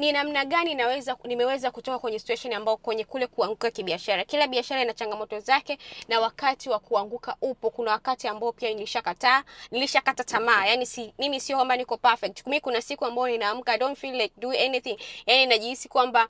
ni namna gani naweza nimeweza kutoka kwenye situation ambayo kwenye kule kuanguka kibiashara. Kila biashara ina changamoto zake, na wakati wa kuanguka upo. Kuna wakati ambao pia nilishakataa, nilishakata tamaa. Yani si, mimi sio kwamba niko perfect. Mimi kuna siku ambayo ninaamka I don't feel like do anything, yani najihisi kwamba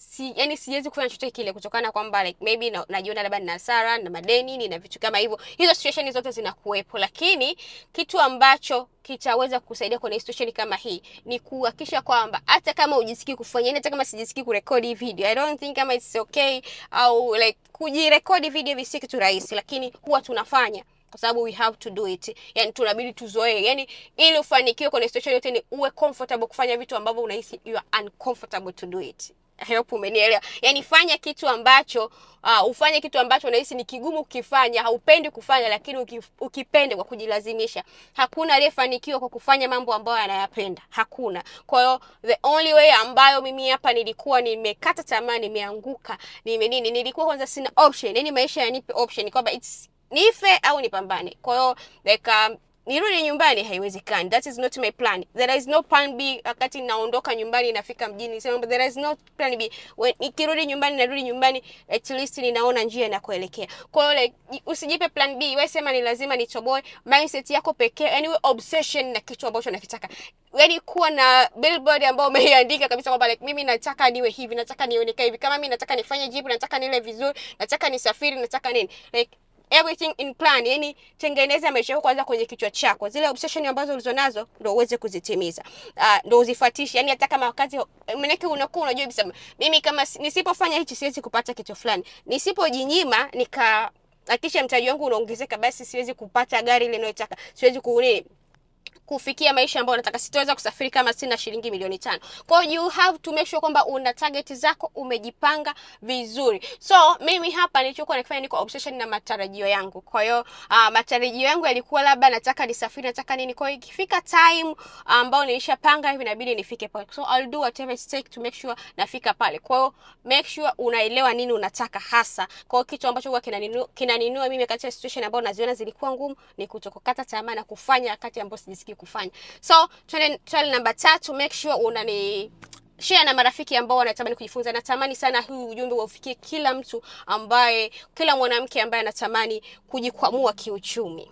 si yani siwezi kufanya chochote kile kutokana kwamba like maybe na, najiona labda nina hasara na madeni nina vitu kama hivyo. Hizo situation zote zinakuwepo, lakini kitu ambacho kitaweza kusaidia kwenye situation kama hii ni kuhakikisha kwamba hata kama ujisikii kufanya, hata kama sijisikii kurekodi video, I don't think kama it's okay au like kujirekodi video visi kitu rahisi, lakini huwa tunafanya kwa sababu we have to do it, yani tunabidi tuzoe, Yani ili ufanikiwe kwenye situation yote ni uwe comfortable kufanya vitu ambavyo unahisi you are uncomfortable to do it. I hope umenielewa. Yaani fanya kitu ambacho uh, ufanye kitu ambacho unahisi ni kigumu kukifanya, haupendi kufanya lakini uki, ukipende kwa kujilazimisha. Hakuna aliyefanikiwa kwa kufanya mambo ambayo anayapenda. Hakuna. Kwa hiyo the only way ambayo mimi hapa nilikuwa nimekata tamaa, nimeanguka, nime nini, nilikuwa kwanza sina option. Yaani maisha yanipe option kwamba it's nife au nipambane. Kwa hiyo like um, nirudi nyumbani, haiwezekani. That is not my plan. There is no plan B. Wakati naondoka nyumbani, nafika mjini, sema there is no plan B. When nikirudi nyumbani, narudi nyumbani, at least ninaona njia na kuelekea. Kwa hiyo like, usijipe plan B. Wewe sema ni lazima nitoboe. Mindset yako pekee, yani wewe obsession na kitu ambacho unakitaka. Yani kuwa na billboard ambayo umeiandika kabisa kwamba like, mimi nataka niwe hivi, nataka nionekane hivi, kama mimi nataka nifanye jibu, nataka nile vizuri, nataka nisafiri, nataka nini like everything in plan, yani tengeneza maisha yako kwanza kwenye kichwa chako. Zile obsession ambazo ulizonazo ndio uweze kuzitimiza, uh, ah, ndio uzifuatishe. Yani hata kama wakati mneke unakuwa unajua kabisa, mimi kama nisipofanya hichi siwezi kupata kitu fulani, nisipojinyima nika hakisha mtaji wangu unaongezeka, basi siwezi kupata gari ile ninayotaka, siwezi kuuni kufikia maisha ambayo unataka. Sitoweza kusafiri kama sina shilingi milioni tano. Kwa hiyo you have to make sure kwamba una target zako, umejipanga vizuri. So mimi hapa nilichokuwa nakifanya niko obsession na matarajio yangu. Kwa hiyo uh, matarajio yangu yalikuwa labda nataka nisafiri, nataka nini. Kwa hiyo ikifika time ambao nilishapanga hivi inabidi nifike pale. So I'll do whatever it takes to make sure nafika pale. Kwa hiyo make sure unaelewa nini unataka hasa. Kwa hiyo kitu ambacho kwa kinaninua kinaninua mimi katika situation ambayo naziona zilikuwa ngumu ni kutokukata tamaa na kufanya wakati ambao sijisikii kufanya. So twende swali namba tatu, make sure unani share na marafiki ambao wanatamani kujifunza. Natamani sana huu ujumbe waufikie kila mtu ambaye, kila mwanamke ambaye anatamani kujikwamua kiuchumi.